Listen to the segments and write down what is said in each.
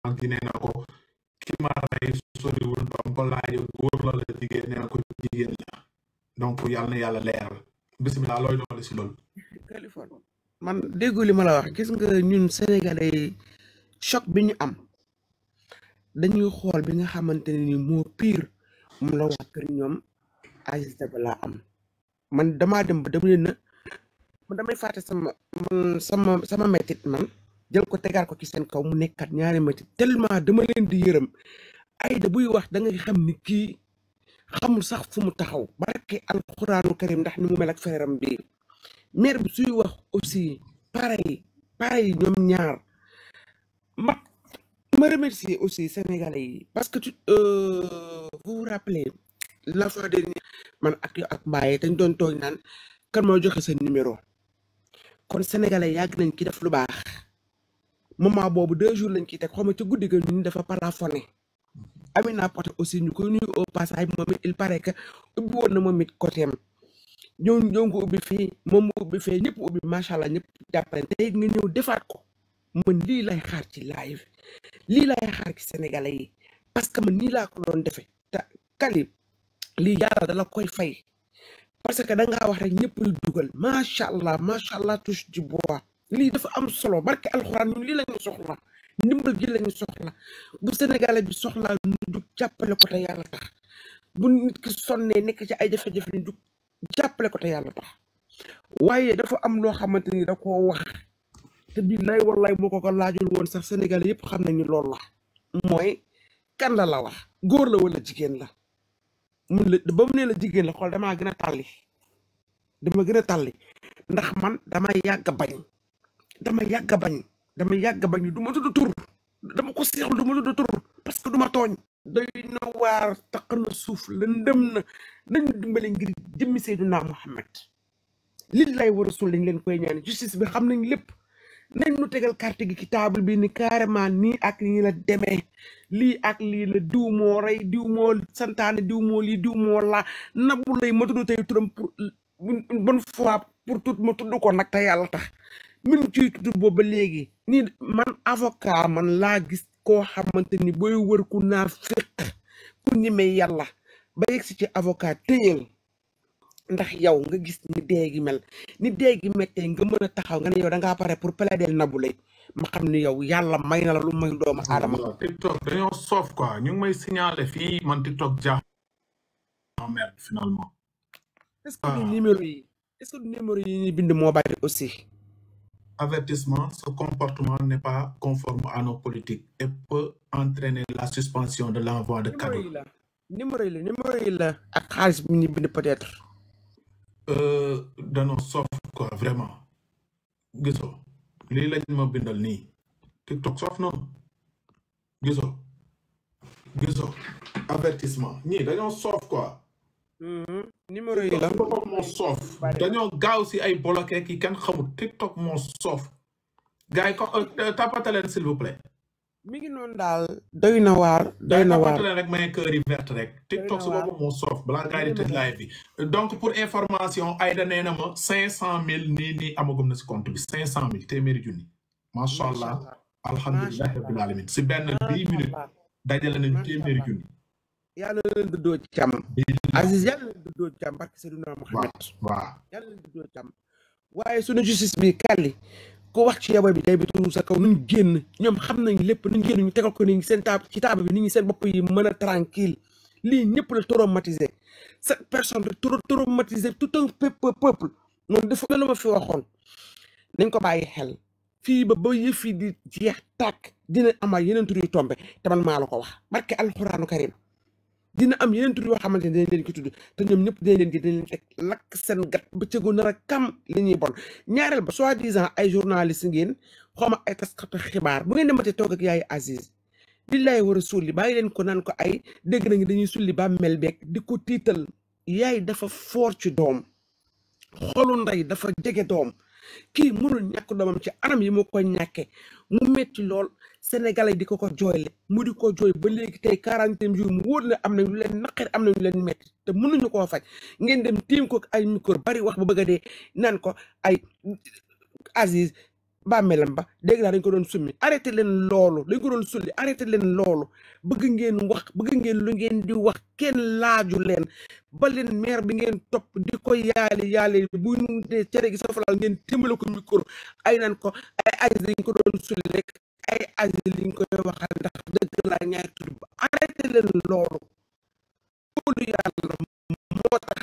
ak di nee na ko ki ma rey soriwul ba mu ko laajee góor la la jigéen nee na ko jigéen la donc yàlla na yàlla leeral bisimilah looy doole si loolu. man degu li ma la wax gis nga ñun sénégalais yi choc bi ñu am dañuy xool bi nga xamante ni moo pire mu la wax kër ñoom Aziz Dabala am man damaa dem ba dama na man damay fàtte sama sama sama métit man jël ko tégal ko ci seen kaw mu nekkat ñaari ci tellement dama leen di yërëm da buy wax da ngay xam ni kii xamul sax fu mu taxaw barke alxuraanu karim ndax ni mu mel ak fereeram bi mer bi suy wax aussi pareil pareil ñoom ñaar ma ma remercier aussi sénégalais yi parce que tu euh, vous vous rappelez la fois dernière man ak yow ak mbaaye dañ doon naan kan moo joxe seen numéro kon sénégalais yàgg nañ ki def lu baax moment boobu deux jour lañ ciy teg xaw ma ci guddi ga ñu dafa plafonné Amina Poté aussi ñu koy nuyu au passage moom it il paraît que ubbi woon na moom it côté am ñoo ñoo ko ubbi fii moom mu ubbi fee ñëpp ubbi macha allah ñëpp jàppale tey nga ñëw defaat ko man lii lay xaar ci live lii lay xaar ci sénégalais yi parce que man nii laa ko doon defee te kali lii yàlla dala koy fay parce que da ngaa wax rek ñëpp yu dugal macha allah macha allah touche du lii dafa am solo barke alxuraan ñun lii lañu soxla ndimbal gi lañu soxla bu sénégalais bi soxlaa ñu jug jàppale ko te yàlla tax bu nit ki sonnee nekk ci ay jafe-jafe ñu jug jàppale ko te yàlla tax waaye dafa am loo xamante ni da ko wax te billaay wallaay boo ko ko laajul woon sax sénégalais yépp xam nañu loolu la mooy kan la la wax góor la wala jigéen la mun la ba mu ne la jigéen la xool damaa gën a tàlli dama gën a tàlli ndax man dama yàgg dama yàgg bañ dama yàgg bañ du ma tudd tur dama ko seexlu du ma tudd tur parce que duma tooñ doy na waar taq na suuf la ndëm na dañu dimbale ngir jëmmi Seydina Muhammad lillaay wa rasul lañ leen koy ñaan justice bi xam nañ lépp nañ nu tegal carte gi ci table bi ni carrément nii ak nii demee lii ak lii la diw moo rey diw moo santaane diw moo lii diw moo laa nabu lay ma tudd tey turam pour une bonne fois pour tout ma tudd ko nag te yàlla tax min ciy tudd booba léegi ni man avocat man laa gis koo xamante ni booy wër ku naa féq ku ñeme yàlla ba yegg si ci avocat téyal ndax yow nga gis ni déegi mel ni déegi mettee nga mën a taxaw nga ne yow dangaa pare pour plaider Nabou Leye ma xam ni yow yàlla may na la lu may doomu aadama TikTok dañoo soof quoi ñu may signaler fii man TikTok jaax merde finalement ah. yi est-ce bind moo aussi avertissement, ce comportement n'est pas conforme à nos politiques et peut entraîner la suspension de l'envoi de cadeaux. numéro il, numéro il, numéro peut-être. Euh, quoi vraiment Giso, ma bindal TikTok sauf non Guizot, Giso, avertissement ni nos quoi. Mhm. numéro yi la dañoo gaaw si ay bloqué ki kenn xamul TikTok moo soof gars yi ko euh, euh, tapataleen s'il vous plaît. ngi noonu daal doy na waar. doy na waar rek may kër yi verte rek. TikTok su boobu moo soof balaa gars di tëj bi. donc pour information ay nee na cinq cent mille nii nii amagum na si compte bi cinq cent mille téeméeri junni. macha allah alhamdulilah rabbil alamin si benn dix minutes dajale nañu téeméeri junni. yaa na leen duddoo càmm Aziz yàlla barke Seydina Mohamed waaw yàlla na leen duddoo càmm waaye suñu justice bi kàlli ku wax ci yaba bi day bi tuuru sa kaw nuñ génn ñoom xam nañ lépp nuñ génn ñu tegal ko ni seen taab ci taab bi nit ñi seen bopp yi mën a tranquille lii ñëpp la traumatisé cette personne de traumatisé tout un peuple noonu dafa loolu ma fi waxoon nañ ko bàyyi xel fii ba ba yëf yi di jeex tàkk dina amaat yeneen tur yu tombe te man maa la ko wax barke alxuraanu karim dina am yeneen tur yoo xamante ne dañ leen ko tudd te ñoom ñëpp dañ lakk seen gat ba cëgu nar a kam li ñuy bon ñaareel ba soi-disant ay journaliste ngeen xawma ay taskatu xibaar bu ngeen dematee toog ak yaayu Aziz billaay war a sulli bàyyi leen ko naan ko ay dégg nañu dañuy sulli ba mel beeg di ko tiital yaay dafa foor ci doom xolu ndey dafa jege doom kii mënul ñàkk doomam ci anam yi mu ko ñàkkee mu metti lool sénégalais di ko ko jooyle mu di ko jooy ba léegi tey quarantième jour mu wóor la am nañu leen naqar am nañu leen metti te mënuñu koo faj ngeen dem tiim ko ay micro bari wax bu bëgg a dee naan ko ay Aziz bàmmeelam ba dégg naa dañ ko doon summi arrêté leen loolu dañ ko doon sulli arrêté leen loolu bëgg ngeen wax bëgg ngeen lu ngeen di wax kenn laaju leen ba leen maire bi ngeen topp di ko yaali yaali bu ñu dee cere gi sa falaal ngeen témbale ko micro ay nan ko ay Aziz dañ ko doon sulli rek ay Aziz liñ koy waxal ndax dëgg laa ñaay tudd ba arrêté leen loolu loolu yàlla moo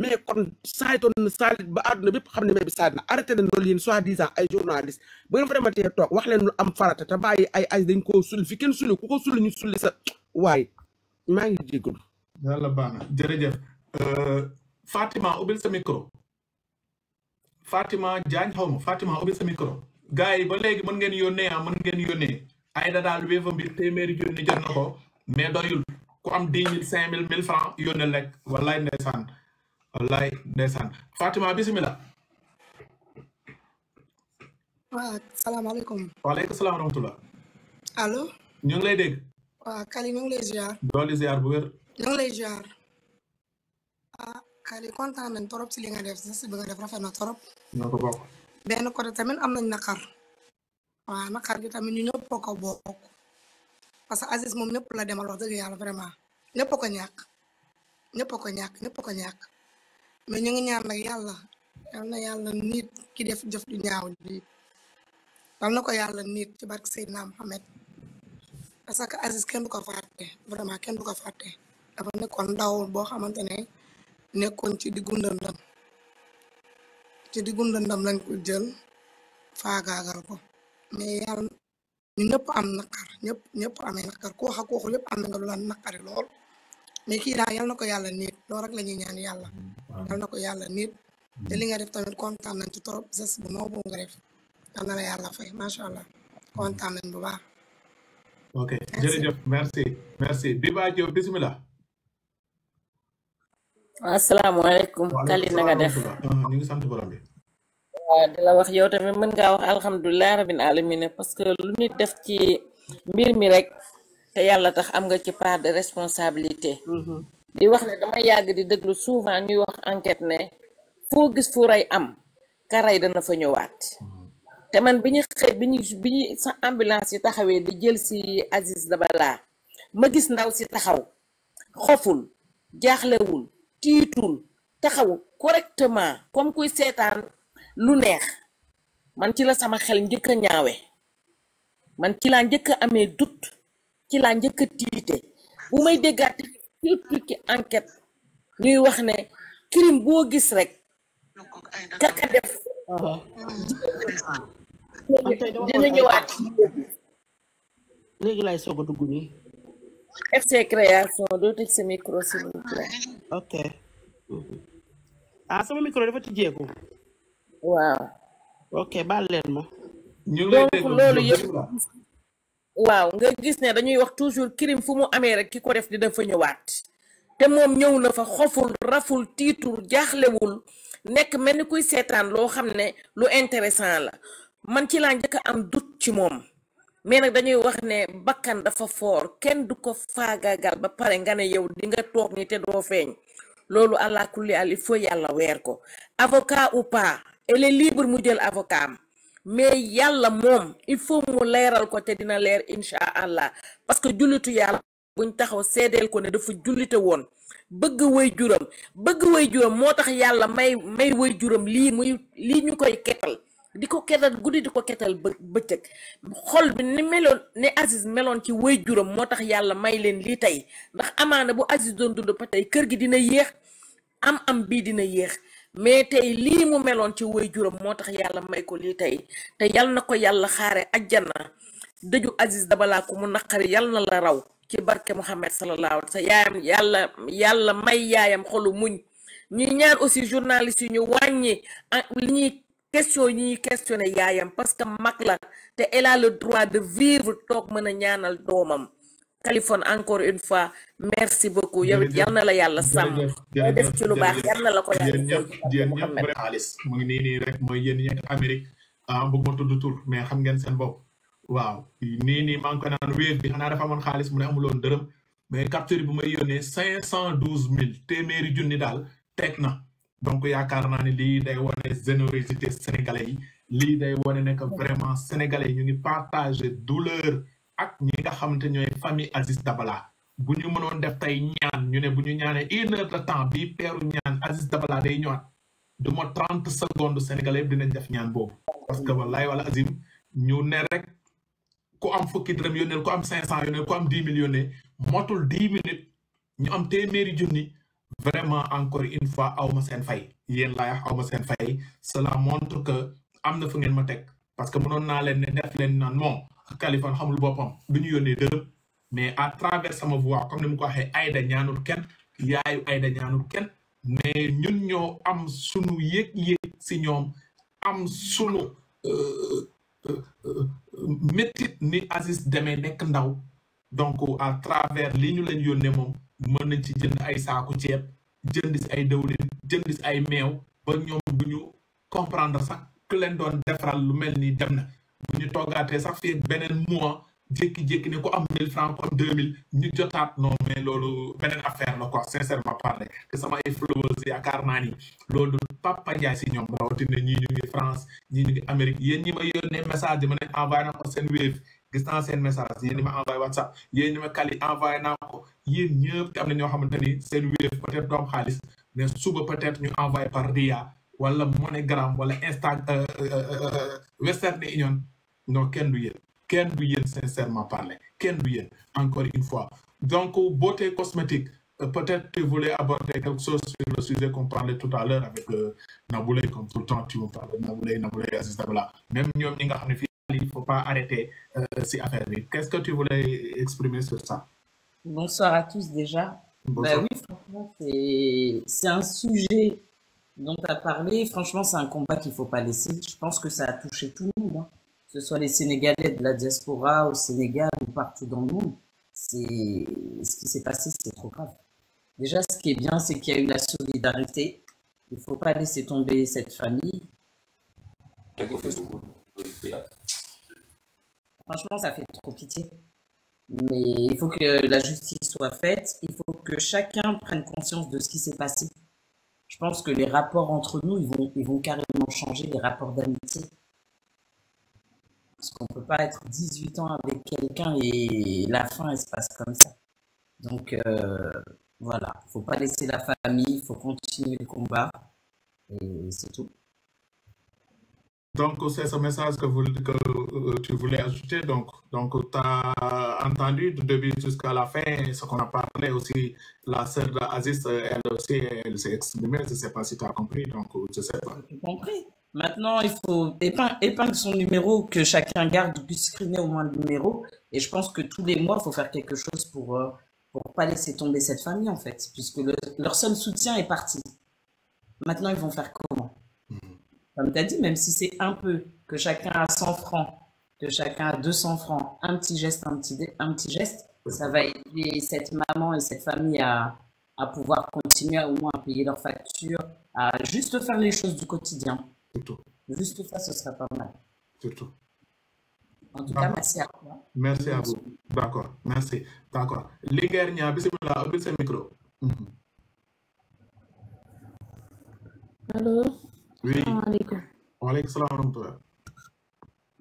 mais kon saaytoon na saalit ba àdduna bépp xam ne mais bi saayit na arrêté leen loolu yéen soi-disant ay journaliste bu ngeen fa dematee toog wax leen lu am farata te bàyyi ay ay dañ koo sulli fi kenn sulli ku ko sulli ñu sulli sa waaye maa ngi jégalu. yàlla baax na jërëjëf Fatima ubbil sa micro Fatima Diagne xaw ma Fatima ubbil sa micro. gars yi ba léegi mën ngeen yónnee ah mën ngeen yónnee ay da daal wéefam bi téeméeri junni jot na ko mais doyul ku am dix mille cinq mille mille francs yónnee lekk wallaay ndeysaan. Allah Nesan. Fatima Bismillah. Assalamualaikum. Waalaikumsalam warahmatullah. Halo. Nyong lay deg. waaw Kali nyong lay ya. ziar. doole ziar bu wér. Nyong lay ziar. Ya. ah Kali kontaan nañ torop si li nga def si bi def rafet na trop. ñoo ko bokk. benn côté tamit am nañ naqar. waaw naqar gi tamit ñu ko parce que Aziz moom ñëpp la demal wax dëgg yàlla vraiment. ñëpp ko nyak. ñëpp ko ñàkk ñëpp ko ñàkk mais ñu ngi ñaan nag yàlla na yàlla nit ki def jëf ju ñaaw ji yal na ko yàlla nit ci barke Seydina Mohamed parce que Aziz kenn du ko fàtte vraiment kenn du ko fàtte dafa nekkoon ndaw boo xamante ne nekkoon ci diggu ndëndam ci diggu ndëndam lañ ko jël faagaagal ko mais yàlla ñu ñëpp am naqar ñëpp ñëpp amee naqar lépp am na nga lu la naqari lool mais ki daal yalla nako yalla nit loolu rek lañuy ñaan yalla yal nako yalla nit mm. te li nga def tamit kontaan nañ ci torop geste bu noo bu nga def yal la yalla fay ma sha allah mm. kontaan nañ bu ba ok jere jërëjëf merci merci Biba Diop bismillah assalamu alaykum kali na nga def ah, ñu ngi sant borom bi waaw di la wax yow tamit mën nga wax alhamdullilah rabbil alamin parce que lu nit def ci mbir mi rek te yàlla tax am nga ci part de responsabilité mm-hmm. di wax ne dama yàgg di déglu souvent ñuy wax enquête ne foo gis fu rey am ka rey dana fa ñëwaat mm-hmm. te man bi ñu xëy bi ñu bi ñu sa ambulance yi taxawee di jël si Aziz Dabala ma gis ndaw si taxaw xoful jaaxlewul tiitul taxaw correctement comme kuy seetaan lu neex man ci la sama xel njëkk a ñaawe man ci laa njëkk amee doute ci laa njëkk a tiite bu may déggaat ci enquête ñuy wax ne crime boo gis rek kaka def dina ñëwaat léegi laay soog dugg nii FC création doo tëj sa micro s'il vous ok ah sama micro dafa tijjeeku waaw ok baal leen ma ñu ngi loolu yëpp waaw nga gis ne dañuy wax toujours crime fu mu amee rek ki ko def di dafa ñëwaat te moom ñëw na fa xoful raful tiitul jaaxlewul nekk mel ni kuy seetaan loo xam ne lu intéressant la man ci laa njëkk am doute ci moom mais nag dañuy wax ne bakkan dafa foor kenn du ko faagaagal ba pare nga ne yow di nga toog ni te doo feeñ loolu àlla kulli al il faut yàlla weer ko avocat ou pas elle est libre mu jël avocat mais yàlla moom il faut mu leeral ko te dina leer incha allah parce que jullitu yàlla buñ taxaw seedeel ko ne dafa jullite woon bëgg woy juram bëgg woy juróom moo tax yàlla may may way juram lii muy lii ñu koy kettal di ko kettal guddi di ko kettal bë bëccëg xol ni meloon ne Aziz meloon ci way juram moo tax yàlla may leen lii tey ndax amaana bu Aziz doon dund ba tey kër gi dina yéex am am bii dina yéex mais tey lii mu meloon ci woy juróom moo tax yàlla may ko lii tey te yal na ko yàlla xaare ajjana dëju Aziz Dabala ko mu naqari yal na la raw ci barke Mouhamed sallallahu sa wa sallam yàlla yàlla may yaayam xolu muñ ñu ñaar aussi journaliste yi ñu wàññi ah, li ñuy question yi ñuy questionné yaayam parce que mag la te elle a le droit de vivre toog mën a ñaanal doomam Kaliphone encore une fois merci beaucoup yow yal na la yàlla sàmm mooy def ci lu baax yal na la ko yàlla yéen ñëpp bëri xaalis mu ngi nii nii rek mooy yéen ñi Amérique ah bëgguma mais xam ngeen seen bopp waaw nii nii maa ngi ko naan bi xanaa dafa amoon xaalis mu ne amuloon dërëm mais capture bi may yónnee cinq cent douze mille téeméeri junni daal teg na donc yaakaar naa ne lii day wane générosité sénégalais yi lii day wane ne que vraiment sénégalais yi ñu ngi partager douleur ak ñi nga xamante ñooy famille Aziz Dabala bu ñu mënoon def tey ñaan ñu ne bu ñu ñaanee une heure de temps bii peeru ñaan Aziz Dabala day ñëwaat du ma trente secondes sénégalais yëpp dinañ def ñaan boobu parce que wallaay wala azim ñu ne rek ku am fukki dërëm yónneel ku am cinq cent yónneel ku am dix mille yónnee motul dix ñu am téeméeri junni vraiment encore une fois aw seen fay yéen laay wax aw ma seen fay cela montre que am na fu ngeen ma teg parce que mënoon naa leen ne Kaliphone xamul boppam du ñu yónnee dërëm mais à travers sama voix comme ni mu ko waxee Aïda ñaanul kenn yaayu Aïda ñaanul kenn mais ñun ñoo am sunu yëg-yëg si ñoom am sunu euh, euh, euh, métit ni asis demee nekk ndaw donc à travers li ñu leen yónnee moom mën nañ ci jënd ay saaku ceeb jënd si ay dawlin jënd si ay meew ba ñoom bu ñu comprendre sax ku leen doon defaral lu mel nii dem na bu ñu toggaatee sax fii beneen mois jékki-jékki ne ku am 1000 francs comme 2000 ñu jotaat non mais loolu beneen ko la quoi sincèrement parler te sama ay followers yaakaar naa loolu Papa Ndiaye si ñoom rawatina ñii ñu ngi France ñii ngi Amérique yéen ñi ma yónnee message yi ma ne envoyé na ko seen wave gis naa message yéen ñi ma envoyé WhatsApp yéen ñi ma kali envoyé naa ko yéen ñëpp te am na ñoo xamante ni seen wave peut-être doom xaalis mais suba peut-être ñu envoyé non Ken du Ken ken du sincèrement parler Ken du encore une fois donc beauté cosmétique euh, peut-être tu voulais aborder quelque chose sur le sujet qu'on parlait tout à l'heure avec euh, Naboulé comme tout le temps tu me parlais Naboulé Naboulé Aziz même Nyom ñi nga ne faut pas arrêter euh, ces affaires-là. qu'est-ce que tu voulais exprimer sur ça. bonsoir à tous déjà. bonsoir ben oui franchement c'est un sujet dont tu as parlé franchement c'est un combat qu'il ne faut pas laisser je pense que ça a touché tout le monde. Hein que ce soit les Sénégalais de la diaspora au Sénégal ou partout dans le monde, c'est ce qui s'est passé, c'est trop grave. Déjà, ce qui est bien, c'est qu'il y a eu la solidarité. Il ne faut pas laisser tomber cette famille. Franchement, ça fait trop pitié. Mais il faut que la justice soit faite. Il faut que chacun prenne conscience de ce qui s'est passé. Je pense que les rapports entre nous, ils vont, ils vont carrément changer les rapports d'amitié. Parce qu'on peut pas être 18 ans avec quelqu'un et la fin, elle se passe comme ça. Donc, euh, voilà, faut pas laisser la famille, faut continuer le combat. Et c'est tout. Donc, c'est ce message que, vous, euh, tu voulais ajouter. Donc, donc tu as entendu de début jusqu'à la fin ce qu'on a parlé aussi. La sœur Aziz, elle aussi, elle s'est exprimée. Je ne sais pas si tu as compris. Donc, je sais pas. compris. Maintenant, il faut épingler épingle, son numéro, que chacun garde, puisse screener au moins le numéro. Et je pense que tous les mois, il faut faire quelque chose pour ne euh, pas laisser tomber cette famille, en fait, puisque leur seul soutien est parti. Maintenant, ils vont faire comment hmm. Comme tu as dit, même si c'est un peu, que chacun a 100 francs, que chacun a 200 francs, un petit geste, un petit, un petit geste, ça va aider cette maman et cette famille à, à pouvoir continuer à, au moins à payer leurs factures, à juste faire les choses du quotidien tout. Juste ça, ce serait pas mal. Surtout. En tout cas, merci à toi. Merci à vous. D'accord, merci. D'accord. Les derniers, bismillah, ouvrez le micro. Mhm. Allô? Oui. Salam alaikum. Wa alaikum salam wa rahmatullah.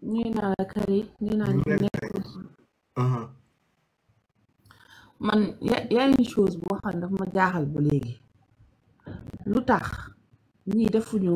Nuyu naa la Kari nuyu naa ñu man yaa chose bo xam dafa ma jaaxal ba léegi lutax tax defuñu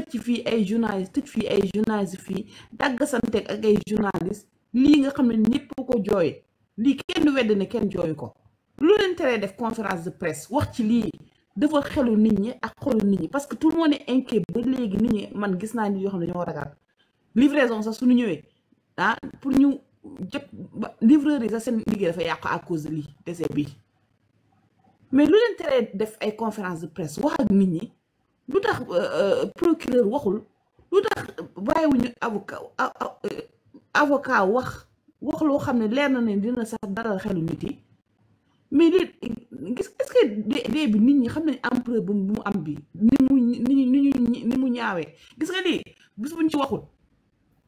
xëcc fii ay journaliste tëj fii ay journaliste fii dàggasanteeg ak ay journaliste lii nga xam ne ñëpp ko jooy lii kenn wedd ne kenn jooyu ko lu leen teree def conférence de presse wax ci lii dafa xelu nit ñi ak xolu nit ñi parce que tout moo monde est inquiet ba léegi nit ñi man gis naa nit yoo xam ne ñoo ragal livraison sax suñu ñëwee ah pour ñu jot ba livreur yi sax seen liggéey dafa yàqu à de lii décès bi mais lu leen teree def ay conférence de presse wax ak nit ñi lu tax euh, euh, procureur waxul lu tax bàyyiwuñu avocat euh, avocat wax wax loo xam ne leer na ne dina sax dara xelu nit yi mais li gis est-ce que dee bi nit ñi xam nañ ampleur bu mu am bi ni mu ni ñu ni mu ñaawee gis nga lii bis buñ ci waxul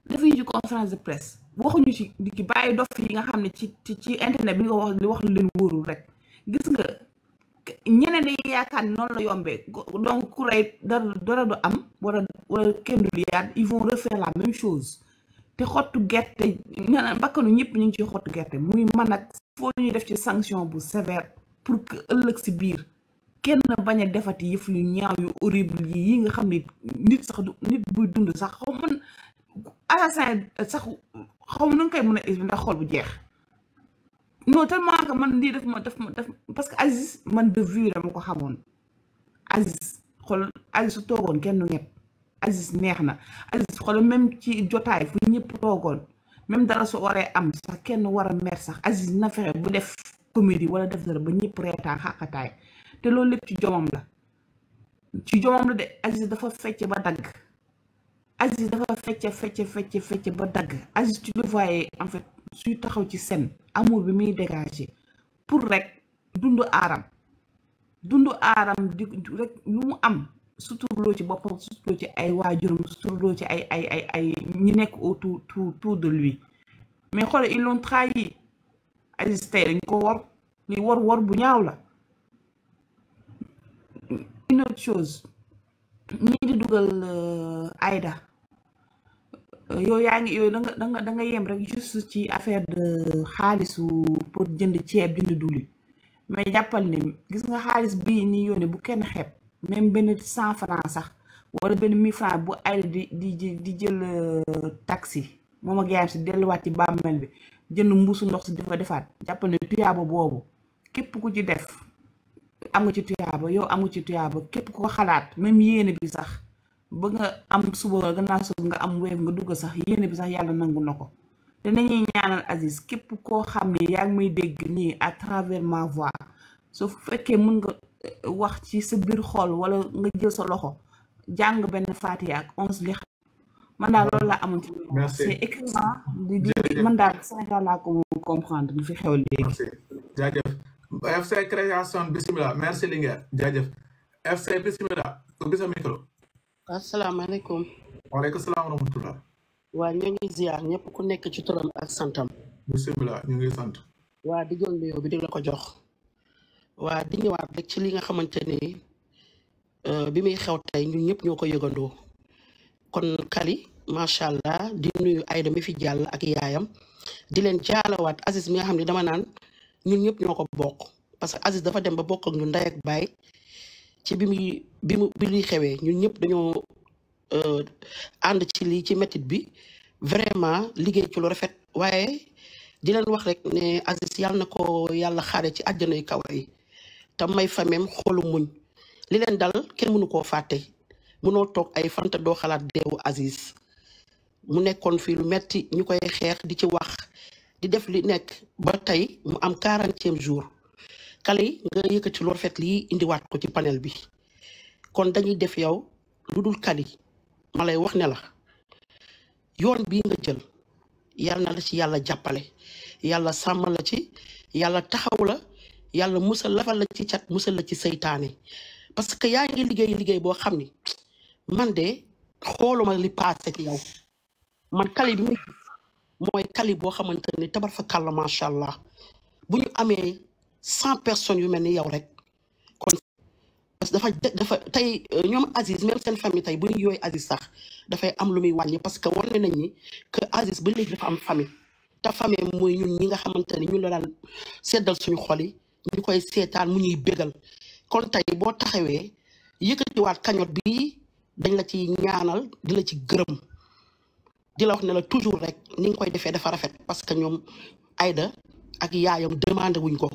defuñu ci conférence de presse waxuñu ci bàyyi dof yi nga xam ne ci ci internet bi nga wax li wax lu leen wóorul rek gis ñeneen dañuy yaakaar noonu la yombee donc ku rey dara dara du am wala wala kenn du yaat ils vont refaire la même chose te xottu gerte ñeneen bakkanu ñëpp ñu ngi ciy xottu gerte muy man ak foo ñuy def ci sanction bu sévère pour que ëllëg si biir kenn bañ a defati yëf yu ñaaw yu horrible yi nga xam ne nit sax du nit buy dund sax xaw man assassin sax xaw ma nu nga koy mën a ndax xool bu jeex. non tellement que man li def ma def ma daf parce que Aziz man de vue dama ko xamone Aziz xol Aziz togon kenn ñep Aziz neexna Aziz xol même ci jotay fu ñep togon même dara su waré am sax kenn wara mer sax Aziz na fexe bu def comédie wala def dara ba ñep reetaan xaqataay te loolu lépp ci jomam la ci jomam la de Aziz dafa fecce ba dag Aziz dafa fecce fecce fecce fecce ba dag Aziz tu le voyais en fait suy taxaw ci sen amour bi muy dégager pour rek dundu aaram dundu aaram di rek lu mu am suturloo ci boppam suturloo ci ay waajuram suturloo ci ay ay ay ay ñi nekk autour autour de lui mais xoole ils l'ont trahi Aziz tey dañ ko wor li war wor bu ñaaw la une autre chose ñii di dugal euh, Aïda Euh, yooyu yaa ngi yooyu da danga da nga da nga yem rek juste ci affaire de xaalisu pour jënd ceeb jënd diwlin mais jàppal ni gis nga xaalis bi ni yónnee bu kenn xeeb même benn cent franc sax wala benn mille franc bu ay di di di jël euh, taxi moom ak yaayam si delluwaat ci bàmmeel bi jënd mbuusu ndox si dafa defaat jàppal ne tuyaaba boobu képp ku ci def amu ci tuyaaba yow amu ci tuyaaba képp ko xalaat même yéene bi sax. ba nga am suba gannaaw suba nga am weer nga dugg sax yéene bi sax yàlla nangu na ko te nañuy ñaanal Aziz képp koo xam ne yaa ngi may dégg nii à travers ma voix su fekkee mën nga eh, wax ci sa biir xool wala nga jël sa loxo jàng benn Fatiha ak onze li xam man daal loolu laa amoon ci c'est excellent di man ko moom comprendre lu fi xew léegi jaajëf FC création bismillah merci Linguère jaajëf FC bismillah ubbi sa micro asalaamaaleykum. waaleykum salaam wa rahmatulah. waa ñu ngi ziar ñëpp ku nekk ci turam ak santam. bisimilah waa di jël bi di la ko jox. waa di ñëwaat rek ci li nga xamante ni euh, bi muy xew tey ñu ñëpp ñoo ko yëgandoo. kon Kali macha allah di nuyu ayda mi fi jàll ak yaayam di leen jaalawaat Aziz mi nga xam ne dama naan ñun ñëpp ñoo ko bokk parce que Aziz dafa dem ba bokk ak ñun ndey ak baay ci bi muy bi mu bi ñuy xewee ñu ñëpp dañoo euh, ànd ci lii ci métit bi vraiment liggéey ci lu rafet waaye di leen wax rek ne Aziz yàlla na ko yàlla xaare ci àjjana yu kaw yi te may fameem xolu muñ li leen dal kenn mënu koo fàtte mënoo toog ay fanta doo xalaat deewu Aziz mu nekkoon fii lu metti ñu koy xeex di ci wax di def li nekk ba tey mu am quarantième jour xale yi nga yëkkati loolu fekk lii indiwaat ko ci panel bi kon dañuy def yow lu dul kali ma lay wax ne la yoon bii nga jël yal na la ci yàlla jàppale yàlla sàmm la ci yàlla taxaw la yàlla musal lafal la ci cat musal la ci seytaane parce que yaa ngi liggéey liggéey boo xam ni man de xooluma li paase ci yow man kali bi mooy kali boo xamante ne tabar fa kàll macha allah bu ñu amee. cent personne yu mel ni yow rek kon parce que dafa dafa tey euh, ñoom Aziz même seen famille tey bu ñu yooyu Aziz sax dafay am lu muy wàññi parce que wane nañ ni que Aziz ba léegi dafa am famille te famille mooy ñun ñi nga xamante ne ñun la daan seddal suñu xol yi ñu koy seetaan mu ñuy bégal kon tey boo taxawee yëkkatiwaat kañot bi dañ la ci ñaanal di la ci gërëm di la wax ne la toujours rek ni nga koy defee dafa rafet parce que ñoom ayda ak yaayam demandé wuñ ko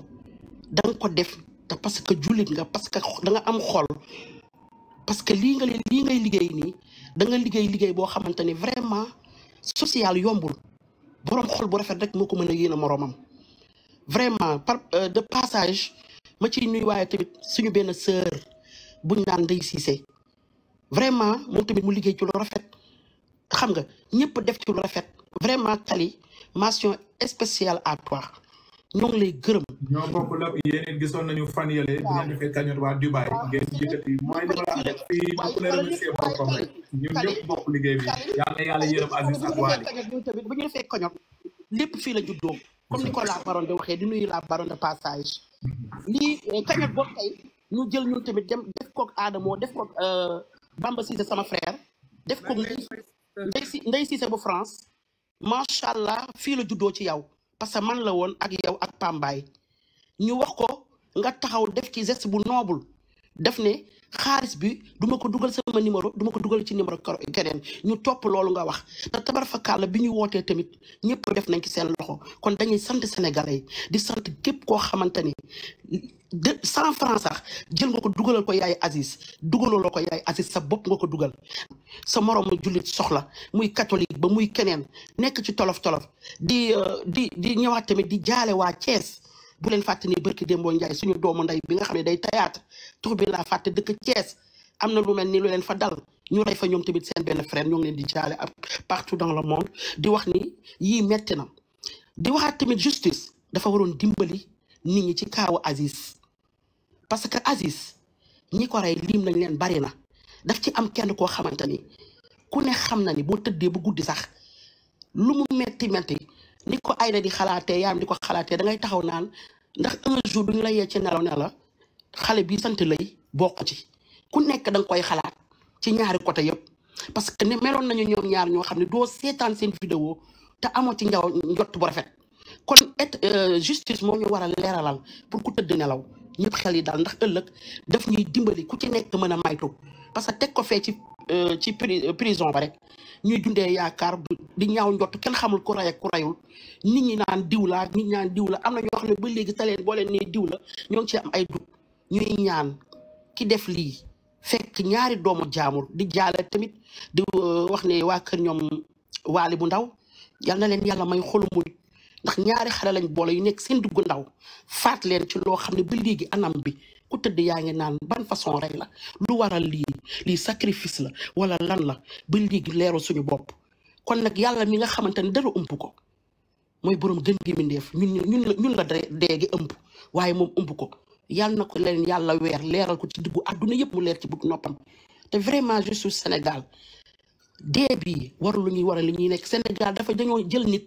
da ko def te que jullit nga parce que da am xol parce que lii nga lii ngay liggéey nii da nga liggéey liggéey boo xamante ni vraiment social yombul boroom bu rafet rek moo ko mën a yéene moroomam vraiment par euh, de passage ma ciy nuy waaye tamit suñu benn sœur buñ naan Ndeye Cissé vraiment moom tamit mu liggéey ci lu rafet xam nga ñëpp def ci lu rafet vraiment Tally mention spéciale à toi ñoo ngi lay gërëm. ñoo bokk la yéen gisoon nañu fan yële. waaw dinañu fekk kañot waa Dubaay. ngeen jiitati mooy li ma la wax fii ma liggéey bi yàlla yàlla bu ñu defee kañot lépp fii la juddoo comme ni ko la baronde waxee di nuyu la de passage. lii eh, kañot boobu tey ñu jël ñun tamit dem def koog Adamo def koog euh, Bamba Cissé sama frère. def koog Ndeye Cissé bu France macha allah fii la juddoo ci yow. parce que man la woon ak yow ak Pambaay ñu wax ko nga taxaw def ci geste bu noobul def ne xaalis bi duma ko dugal sama numéro duma ko dugal ci numéro keneen ñu topp loolu nga wax te tabar fa kàlla bi ñuy wootee tamit ñëpp def nañ ki seen loxo kon dañuy sant Sénégalais di sant képp koo xamante ni de cent franc sax jël nga ko dugalal ko yaay dugaloo dugalaloo ko yaay Aziz sa bopp nga ko dugal sa moroomu jullit soxla muy catholique ba muy keneen nekk ci tolof tolof di euh, di di ñëwaat tamit di jaale waa Thiès. bu leen fàtte ni barki Dembo Ndiaye suñu doomu ndey bi nga xam ne day théâtre tur bi laa fàtte dëkk Thiès am na lu mel ni lu leen fa dal ñu rey fa ñoom tamit seen benn frère ñoo ngi leen di jaale ak partout dans le monde di wax nii yii metti na di waxaat tamit justice dafa waroon dimbali nit ñi ci kaawu Aziz parce que Aziz ñi ko rey liim nañ leen bari na daf ci am kenn koo xamante ni ku ne xam na ni boo tëddee bu guddi sax lu mu metti metti ni ko Aida di xalaatee yaayam di ko xalaatee da ngay taxaw naan ndax un jour du ñu la yee ci nelaw ne la xale bi sant lay bokk ci ku nekk da koy xalaat ci ñaari côté yëpp parce que ne meloon nañu ñoom ñaar ñoo xam ne doo seetaan seen vidéo te amoo ci njaw njott bu rafet kon et euh, justice moo ñu war a leeralal pour ku tëdd nelaw ñëpp xel yi daal ndax ëllëg daf ñuy dimbali ku ci nekk mën a maytu parce teg ko fee ci Euh, ci euh, prison ba rek ñuy dundee yaakaar di ñaaw njott kenn xamul ku ray ak ku rayul nit ñi naan diw la nit ñi naan diw la am na ñoo xam ne ba léegi taleen boo leen nee diw la ñoo ngi ci am ay dut ñuy ñaan ki def lii fekk ñaari doomu jaamul di jaale tamit di euh, wax ne waa kër ñoom waali bu ndaw yal na leen yàlla may xolu muñ ndax ñaari xale lañ boole yu nekk seen dugg ndaw faat leen ci loo xam ne ba léegi anam bi ku tëdd yaa ngi naan ban façon rey la lu waral lii lii sacrifice la wala lan la ba léegi leeru suñu bopp kon nag yàlla mi nga xamante ne dara ëmp ko mooy boroom gën gi mindeef ñun ñun ñun la dee gi ëmp waaye moom ëmp ko yàlla na ko leen yàlla weer leeral ko ci diggu àdduna yëpp mu leer ci bugg noppam te vraiment juste Sénégal dee bi waru lu ñuy waral li ñuy nekk Sénégal dafa dañoo jël nit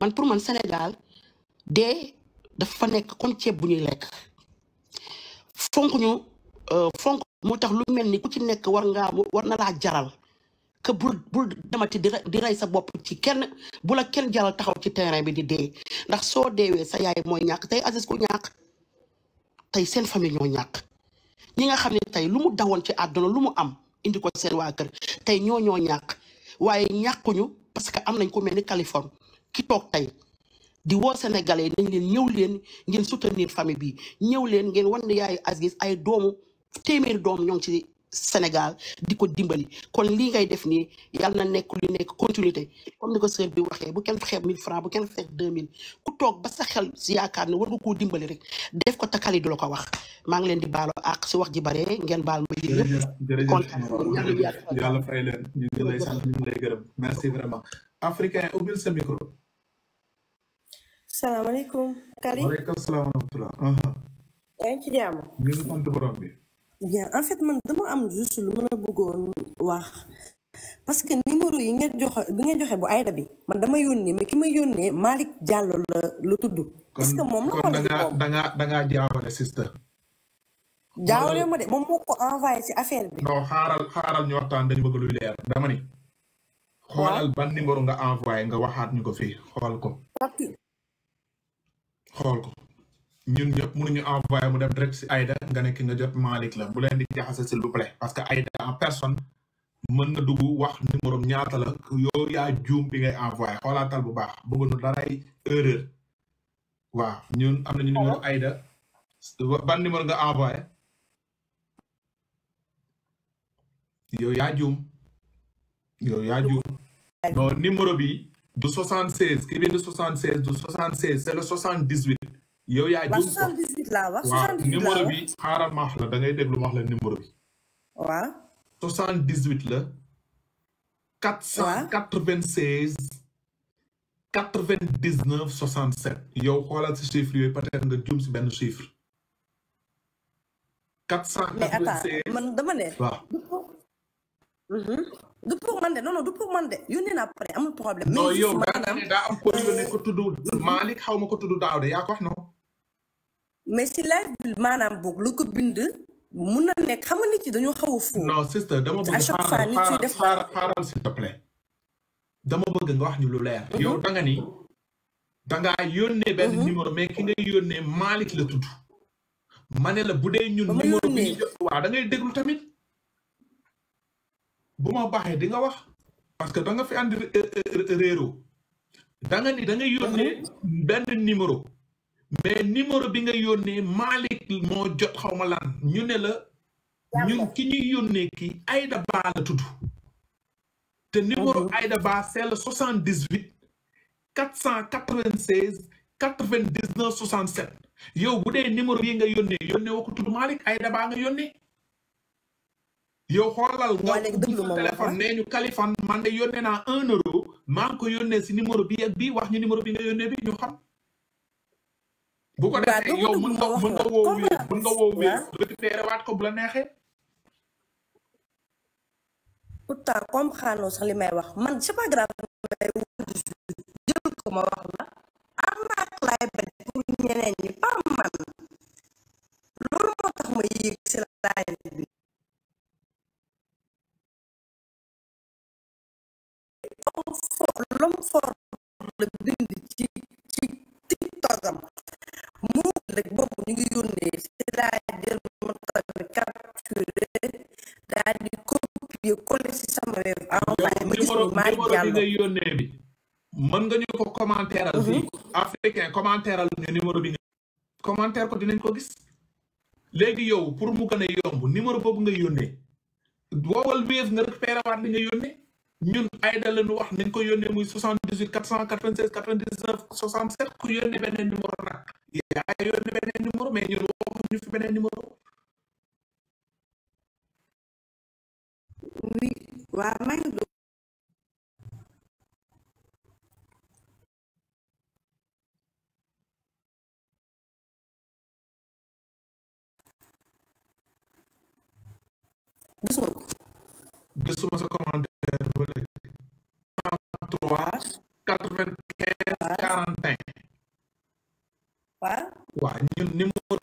man pour man Sénégal dee dafa nekk comme ceeb bu ñuy lekk fonk ñu euh, fonk moo tax lu mel ni ku ci nekk war ngaa war na laa jaral que bul bul demati di rey sa bopp ci kenn bu la kenn jaral taxaw ci terrain bi di dee ndax soo deewee sa yaay mooy ñàkk tey Aziz ku ñàkk tey seen famille ñoo ñàkk ñi nga xam ne tey lu mu dawoon ci àdduna lu mu am indi ko seen waa kër tey ñoo ñoo ñàkk waaye ñàkkuñu parce que am nañ ko mel ni Californie ki toog tey di woo sénégalais nañ leen ñëw leen ngeen soutenir famille bi ñëw leen ngeen wan ne yaayu Aziz ay doomu téeméeri doom ñoo ngi ci Sénégal di ko dimbali kon lii ngay def nii yàlla na nekk lu nekk continuité comme ni ko sër bi waxee bu kenn xeeb 1000 francs bu kenn xeeb 2000 ku toog ba sa xel si yaakaar ne war nga koo dimbali rek def ko takkali du la ko wax maa ngi leen di baalu ak si wax ji bare ngeen baal ma yéen ñëpp kontaan yàlla fay leen ñu ngi lay sant ñu ngi africain ubbil sa micro salaamaaleykum. Kari waaleykum salaam wa ci jàmm. ñu que numéro yi nga joxe bu ayda bi man dama yónnee mais ki ma yónnee Malick Diallo la la tudd. est-ce que moom la ko la moom da ngaa da jaawale sister. jaawale ma de moom moo ko envoyé ci affaire bi. non xaaral xaaral ñu waxtaan dañu bëgg luy leer dama ni. xoolal ban numéro nga envoyé nga waxaat ñu ko fii xool ko. xol ko ñun ñep mënu ñu envoyer mu dem direct ci Aïda nga nek nga jot malik la bu leen di jaxase s'il vous plaît parce que Aïda en personne mën na dugg wax numéro ñaata la yow yaa juum bi ngay envoyer xoolaatal bu baax bëgguñu daray erreur waaw ñun am nañu numéro Aïda ban numéro nga envoyer yow yaa juum yow yaa juum non numéro bi du 76 kii bi du 76 du 76 c'est le 78. yow yaa jël 78 laa wax 78 numéro bi xaaral ma wax la da ngay déglu ma wax la numéro bi. waaw. 78 la. 496. 99 67. yow xoolal si chiffre yooyu peut-être nga jum si benn chiffre. 496 mais attends man dama ne. waaw. du pour man de non non du pour man de yónnee naa pare amul problème. non yow maanaam daa am euh, ko yónnee lu ko bind mun nekk xam nga nit yi dañoo xaw a fou. non sister dama bëgg. à chaque fois nit yi def paaral s'il te mhm. ni dangaa yónnee benn mhm. numéro mais ki nga yónnee Malick la tudd. ma ne tamit. bu ma baxee di nga wax parce que da nga fi andi réero da ni da nga yónnee benn numéro mais numéro bi nga yónnee Malick moo jot xaw ma lan ñu ne la ñu ki ñuy yónnee kii Aïda Ba la tudd te numéro Aïda Ba c'est le soixante dix huit quatre cent quatre vingt seize quatre vingt dix neuf soixante sept yow bu dee numéro yi nga yónnee yónnee woo ko tudd Malick Aïda Ba nga yónnee yow xoolal nga sa téléphone nee ñu Kaliphone man de yónnee naa un euro ko yónnee si numéro bi ak bii wax ñu numéro bi nga yónnee bi ñu xam. bu ko yow mën nga mën nga woo wii mën nga woo wii récupéré waat ko bu la neexee. pourtant comme xaanoo sax li may wax man c'est pas grave jël ko wax la am naa laay bañ pour ñeneen ñi par man loolu moo tax ma yéeg si laaj bi. for lom for la bind ci ci tiktokam moo rek boobu ñu ngi yónnee si laa jël ma tamit capturé daal di copier collé si sama web envoyé ma gis maa jàll nga yónnee bi mën nga ñu ko commentéral fii africain commentéral ñu numéro bi nga commentaire ko dinañ yow pour mu gën boobu ngay yónnee woowal wéef nga récupéré waat li nga yónnee ñun Aïda la ñu wax nañ ko yónnee muy 78 496 99 67 ku yónnee beneen numéro nag yaa yónnee beneen numéro mais ñun waxuñu fi beneen numéro. oui waaw maa ngi dugg. gisuma ko. gisuma sa commande. 3 95 41.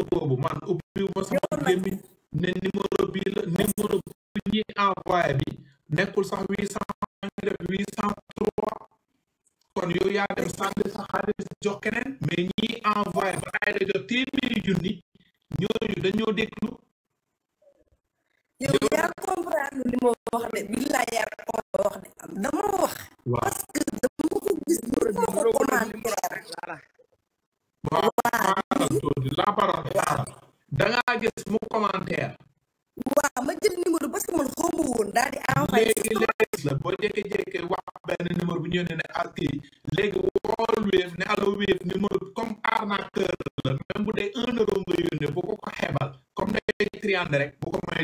boobu man ubbi ma sama gémmiñ ne numéro bii la numéro bi envoyé bi nekkul sax huit kon yow dem sànni xaalis jox keneen mais ñiy envoyé ba ay la jot téeméeri junni ñooñu dañoo déglu yow yaa comprendre li ma wax de billaay yaa ko wax de dama wax. parce que dama ko gis ñu ko commentaire. waaw waaw da ngaa gis mu commentaire. waaw ma jël numéro parce que di la wax numéro bu ne ak ah, kii léegi wool ne allo wéef numéro comme arnaqueur la même bu euro nga bu ko comme day rek bu ko may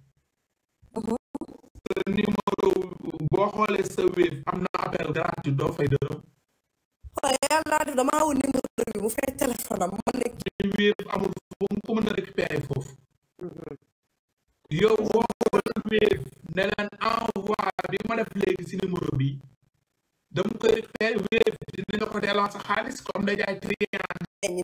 boo xoolee sa wéef am na appel gratuit doo fay dërëm. waaw yàlla def damaa wut numéro bi mu fay téléphone am nekk. ci amul fu mu ko mën a récupérer foofu. Mhm. yow woo ko wéef ne bi ma def léegi si numéro bi dama koy récupérer wéef dina la ko delloo sa xaalis comme dajaay triant.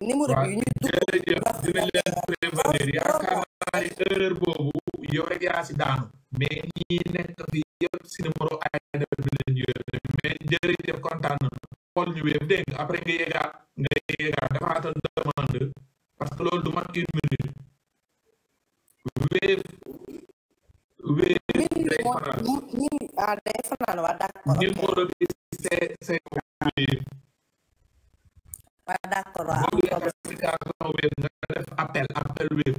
numéro bi ñu dugg dinañ leen prévenir yaakaar ñaari erreur boobu yow rek yaa daanu mais ñi nekk fi yëpp si numéro ay bi leen yónnee mais jërëjëf kontaan na xool ñu wéef dégg après nga yeggaat nga yeggaat defaatal demande parce que lool du mat une minute wéef ah, day faral numéro bi c'est c'est wéef waaw d'accord waaw boo dee application web nga appel appel web